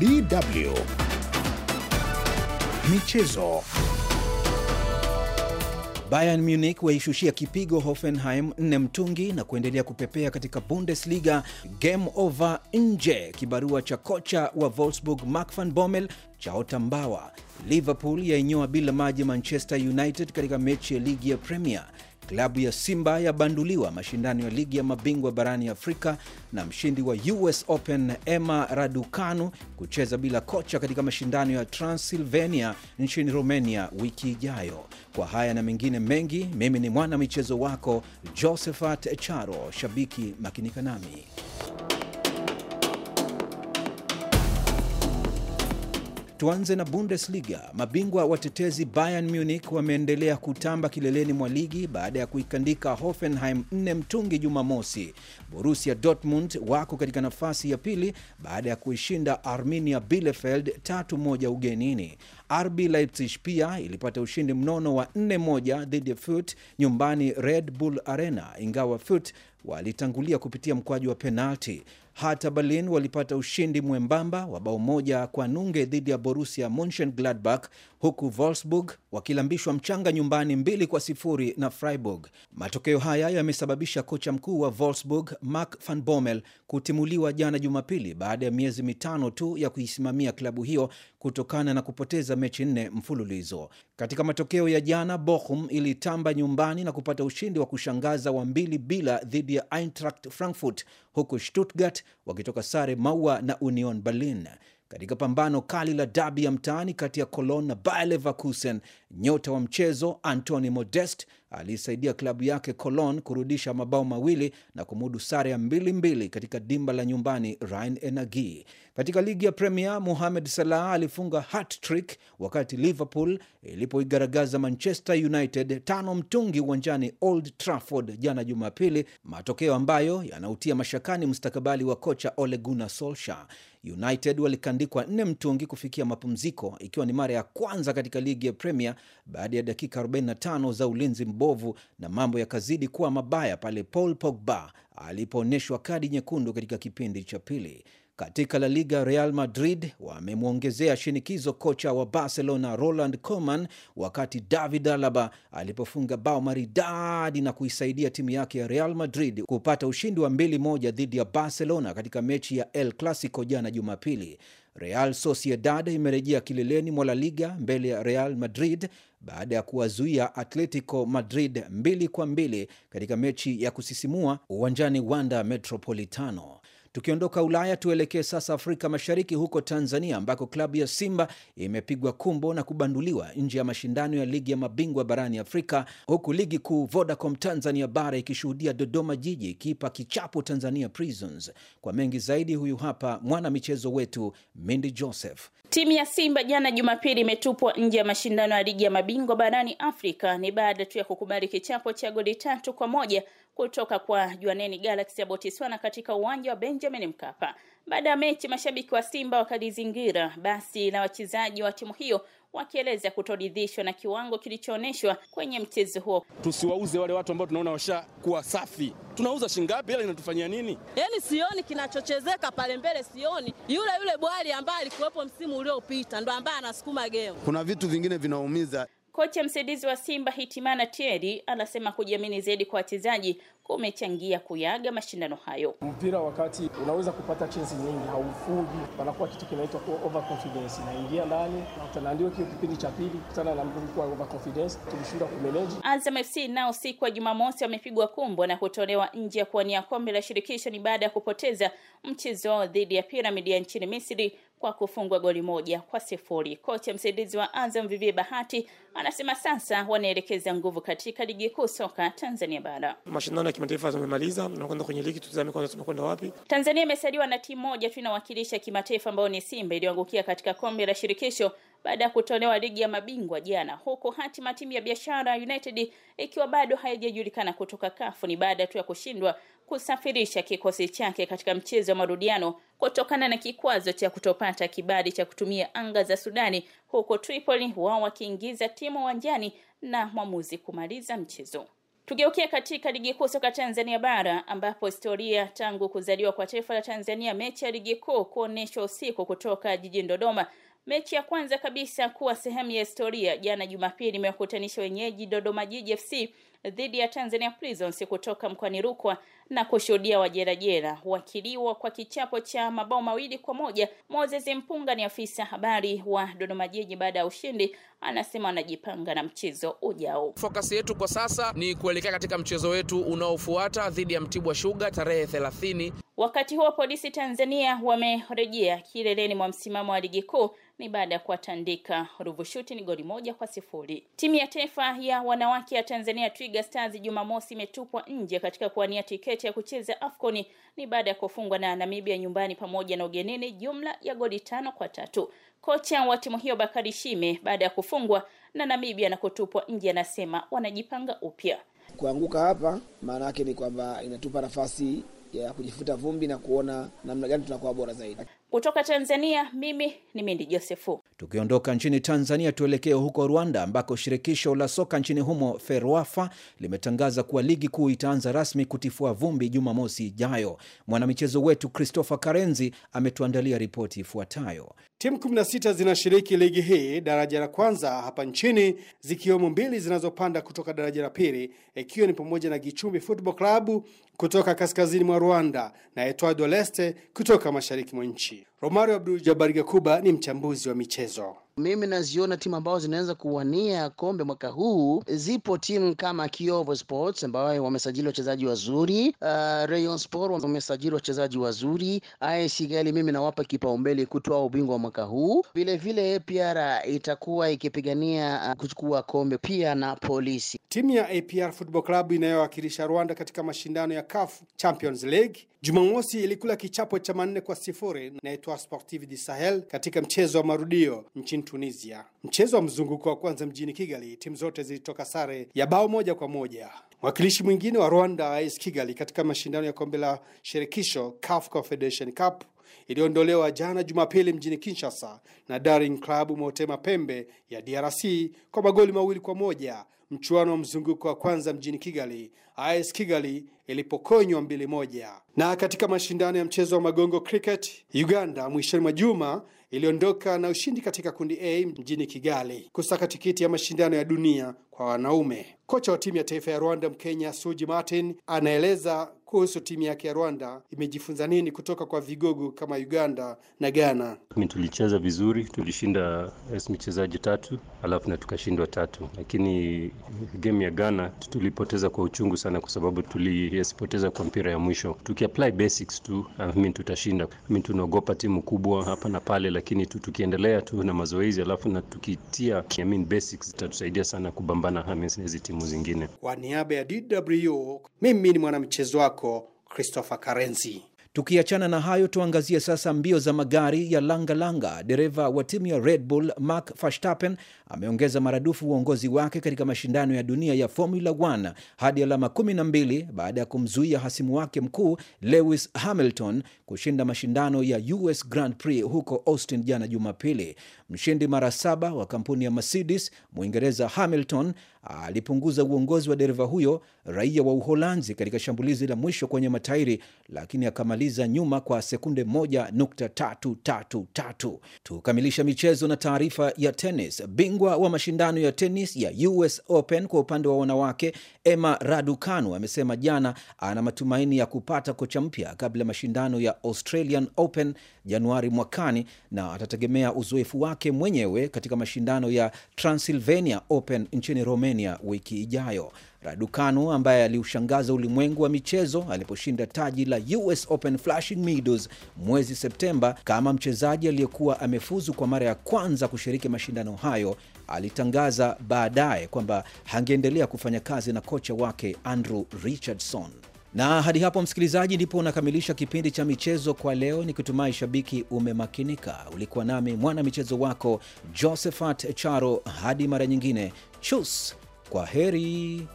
DW Michezo. Bayern Munich waishushia kipigo Hoffenheim nne mtungi na kuendelea kupepea katika Bundesliga. Game over nje, kibarua cha kocha wa Wolfsburg Mark van Bommel cha otambawa. Liverpool yainyoa bila maji Manchester United katika mechi ya ligi ya Premier. Klabu ya Simba yabanduliwa mashindano ya ligi ya mabingwa barani Afrika na mshindi wa US Open Emma Raducanu kucheza bila kocha katika mashindano ya Transylvania nchini Romania wiki ijayo. Kwa haya na mengine mengi, mimi ni mwana michezo wako Josephat Charo, shabiki makinika nami. Tuanze na Bundesliga. Mabingwa watetezi Bayern Munich wameendelea kutamba kileleni mwa ligi baada ya kuikandika Hoffenheim nne mtungi Jumamosi. Borussia Dortmund wako katika nafasi ya pili baada ya kuishinda Arminia Bielefeld tatu moja ugenini. RB Leipzig pia ilipata ushindi mnono wa 4-1 dhidi ya Fürth nyumbani Red Bull Arena, ingawa fut walitangulia kupitia mkwaju wa penalti. Hata Berlin walipata ushindi mwembamba wa bao moja kwa nunge dhidi ya Borussia Monchengladbach, huku Wolfsburg wakilambishwa mchanga nyumbani mbili kwa sifuri na Freiburg. Matokeo haya yamesababisha kocha mkuu wa Wolfsburg Mark van Bommel kutimuliwa jana Jumapili baada ya miezi mitano tu ya kuisimamia klabu hiyo kutokana na kupoteza mechi nne mfululizo. Katika matokeo ya jana, Bochum ilitamba nyumbani na kupata ushindi wa kushangaza wa mbili bila dhidi ya Eintracht Frankfurt, huku Stuttgart wakitoka sare maua na Union Berlin. Katika pambano kali la dabi ya mtaani kati ya Cologne na Bayer Leverkusen, nyota wa mchezo antony Modest aliisaidia klabu yake Colon kurudisha mabao mawili na kumudu sare ya mbili mbili katika dimba la nyumbani Rhein Energie. Katika ligi ya Premier, Mohamed Salah alifunga hat-trick wakati Liverpool ilipoigaragaza Manchester United tano mtungi uwanjani Old Trafford jana Jumapili, matokeo ambayo yanautia mashakani mustakabali wa kocha Ole Gunnar Solskjaer. United walikandikwa nne mtungi kufikia mapumziko, ikiwa ni mara ya kwanza katika ligi ya Premier baada ya dakika 45 za ulinzi ubovu na mambo yakazidi kuwa mabaya pale Paul Pogba alipoonyeshwa kadi nyekundu katika kipindi cha pili. Katika La Liga, Real Madrid wamemwongezea shinikizo kocha wa Barcelona Roland Koeman wakati David Alaba alipofunga bao maridadi na kuisaidia timu yake ya Real Madrid kupata ushindi wa mbili moja dhidi ya Barcelona katika mechi ya El Clasico jana Jumapili. Real Sociedad imerejea kileleni mwa La Liga mbele ya Real Madrid baada ya kuwazuia Atletico Madrid mbili kwa mbili katika mechi ya kusisimua uwanjani Wanda Metropolitano. Tukiondoka Ulaya tuelekee sasa Afrika Mashariki, huko Tanzania ambako klabu ya Simba imepigwa kumbo na kubanduliwa nje ya mashindano ya ligi ya mabingwa barani Afrika, huku ligi kuu Vodacom Tanzania bara ikishuhudia Dodoma Jiji ikiipa kichapo Tanzania Prisons. Kwa mengi zaidi, huyu hapa mwana michezo wetu Mindi Joseph. Timu ya Simba jana Jumapili imetupwa nje ya mashindano ya ligi ya mabingwa barani Afrika. Ni baada tu ya kukubali kichapo cha goli tatu kwa moja kutoka kwa juaneni Galaxy ya Botswana katika uwanja wa Benjamin Mkapa. Baada ya mechi, mashabiki wa Simba wakalizingira basi la wachezaji wa timu hiyo wakieleza kutoridhishwa na kiwango kilichoonyeshwa kwenye mchezo huo. Tusiwauze wale watu ambao tunaona washakuwa safi, tunauza shingapi? Ila inatufanyia nini? Yaani sioni kinachochezeka pale mbele, sioni yule yule bwali ambaye alikuwepo msimu uliopita ndo ambaye anasukuma geo. Kuna vitu vingine vinaumiza. Kocha msaidizi wa Simba Hitimana Tieri anasema kujiamini zaidi kwa wachezaji kumechangia kuyaga mashindano hayo. Mpira wakati unaweza kupata chansi nyingi, haufuji, panakuwa kitu kinaitwa overconfidence inaingia ndani, na ndio kipindi cha pili kutana na mtu kwa overconfidence, tulishindwa kumeneji. Azam FC nao siku ya Jumamosi wamepigwa kumbwa na kutolewa nje ya kuwania kombe la shirikisho, ni baada ya kupoteza mchezo wao dhidi ya Piramidi ya nchini Misri kwa kufungwa goli moja kwa sifuri. Kocha msaidizi wa Azam Vivie Bahati anasema sasa wanaelekeza nguvu katika ligi kuu soka Tanzania bara. Mashindano ya kimataifa tumemaliza, tunakwenda kwenye ligi, tutazame kwanza tunakwenda wapi. Tanzania imesaliwa na timu moja tu inawakilisha kimataifa ambayo ni Simba iliyoangukia katika kombe la shirikisho baada ya kutolewa ligi ya mabingwa jana, huku hatima timu ya Biashara United ikiwa bado haijajulikana kutoka kafu ni baada tu ya kushindwa kusafirisha kikosi chake katika mchezo wa marudiano kutokana na kikwazo cha kutopata kibali cha kutumia anga za Sudani, huko Tripoli wao wakiingiza timu uwanjani na mwamuzi kumaliza mchezo. Tugeukia katika ligi kuu soka Tanzania bara ambapo historia tangu kuzaliwa kwa taifa la Tanzania, mechi ya ligi kuu kuonyeshwa usiku kutoka jijini Dodoma Mechi ya kwanza kabisa kuwa sehemu ya historia jana Jumapili imewakutanisha wenyeji Dodoma Jiji FC dhidi ya Tanzania Prisons kutoka mkoani Rukwa na kushuhudia wajerajera wakiliwa kwa kichapo cha mabao mawili kwa moja. Moses Mpunga ni afisa habari wa Dodoma Jiji, baada ya ushindi anasema anajipanga na mchezo ujao. Fokasi yetu kwa sasa ni kuelekea katika mchezo wetu unaofuata dhidi ya Mtibwa shuga tarehe 30 Wakati huo polisi Tanzania wamerejea kileleni mwa msimamo wa ligi kuu ni baada ya kuwatandika Ruvushuti ni goli moja kwa sifuri. Timu ya taifa ya wanawake ya Tanzania Twiga Stars Jumamosi imetupwa nje katika kuwania tiketi ya kucheza Afcon ni baada ya kufungwa na Namibia nyumbani pamoja na ugenini jumla ya goli tano kwa tatu. Kocha wa timu hiyo Bakari Shime baada ya kufungwa na Namibia na kutupwa nje anasema wanajipanga upya. Kuanguka hapa maana yake ni kwamba inatupa nafasi ya kujifuta vumbi na kuona namna gani tunakuwa bora zaidi. Kutoka Tanzania, mimi ni Mindi Josefu. Tukiondoka nchini Tanzania, tuelekee huko Rwanda ambako shirikisho la soka nchini humo FERWAFA limetangaza kuwa ligi kuu itaanza rasmi kutifua vumbi Jumamosi ijayo. Mwanamichezo wetu Christopher Karenzi ametuandalia ripoti ifuatayo. Timu 16 zinashiriki ligi hii daraja la kwanza hapa nchini zikiwemo mbili zinazopanda kutoka daraja la pili ikiwa ni pamoja na Gichumbi Football Club kutoka kaskazini mwa Rwanda na Etoile Leste kutoka mashariki mwa nchi. Romario Abdul Jabari Gakuba ni mchambuzi wa michezo. Mimi naziona timu ambazo zinaweza kuwania kombe mwaka huu, zipo timu kama Kiovo Sports ambayo wamesajili wachezaji wazuri, uh, Rayon Sport wamesajili wachezaji wazuri, AS Kigali mimi nawapa kipaumbele kutoa ubingwa mwaka huu. Vile vile APR itakuwa ikipigania uh, kuchukua kombe pia na Polisi. Timu ya APR Football Club inayowakilisha Rwanda katika mashindano ya CAF Champions League Jumamosi ilikula kichapo cha manne kwa sifuri na Etoile Sportive du Sahel katika mchezo wa marudio nchini Tunisia. Mchezo wa mzunguko wa kwanza mjini Kigali, timu zote zilitoka sare ya bao moja kwa moja. Mwakilishi mwingine wa Rwanda AS Kigali katika mashindano ya kombe la shirikisho CAF Confederation Cup iliondolewa jana Jumapili mjini Kinshasa na Daring Club Motema Pembe ya DRC kwa magoli mawili kwa moja mchuano wa mzunguko wa kwanza mjini Kigali, AS Kigali ilipokonywa mbili moja. Na katika mashindano ya mchezo wa magongo cricket, Uganda mwishoni mwa juma iliondoka na ushindi katika kundi A mjini Kigali kusaka tikiti ya mashindano ya dunia kwa wanaume. Kocha wa timu ya taifa ya Rwanda Mkenya Suji Martin anaeleza kuhusu timu yake ya Rwanda imejifunza nini kutoka kwa vigogo kama Uganda na Ghana. Tulicheza vizuri, tulishinda mchezaji tatu alafu na tukashindwa tatu, lakini game ya Ghana tulipoteza kwa uchungu sana, kwa sababu tulipoteza kwa mpira ya mwisho. Tukiapply basics tu, ah, I tutashinda. I tunaogopa timu kubwa hapa na pale, lakini tu, tukiendelea tu na mazoezi alafu na tukitia I basics sana kubambana hizi timu timu zingine. Kwa niaba ya DW, mimi ni mwanamchezo wako Christopher Karenzi. Tukiachana na hayo, tuangazie sasa mbio za magari ya langalanga. Dereva wa timu ya Red Bull Max Verstappen ameongeza maradufu uongozi wake katika mashindano ya dunia ya Formula 1 hadi alama 12 baada ya kumzuia hasimu wake mkuu Lewis Hamilton kushinda mashindano ya US Grand Prix huko Austin jana Jumapili. Mshindi mara saba wa kampuni ya Mercedes Mwingereza Hamilton alipunguza uongozi wa dereva huyo raia wa Uholanzi katika shambulizi la mwisho kwenye matairi, lakini akama kumaliza nyuma kwa sekunde 1.333. Tukamilisha michezo na taarifa ya tenis. Bingwa wa mashindano ya tenis ya US Open kwa upande wa wanawake Emma Raducanu amesema jana ana matumaini ya kupata kocha mpya kabla ya mashindano ya Australian Open Januari mwakani na atategemea uzoefu wake mwenyewe katika mashindano ya Transylvania Open nchini Romania wiki ijayo. Raducanu ambaye aliushangaza ulimwengu wa michezo aliposhinda taji la US Open Flushing Meadows mwezi Septemba, kama mchezaji aliyekuwa amefuzu kwa mara ya kwanza kushiriki mashindano hayo, alitangaza baadaye kwamba hangeendelea kufanya kazi na kocha wake Andrew Richardson. Na hadi hapo msikilizaji, ndipo unakamilisha kipindi cha michezo kwa leo, ni kutumai shabiki umemakinika. Ulikuwa nami mwana michezo wako Josephat Charo. Hadi mara nyingine, chus, kwa heri.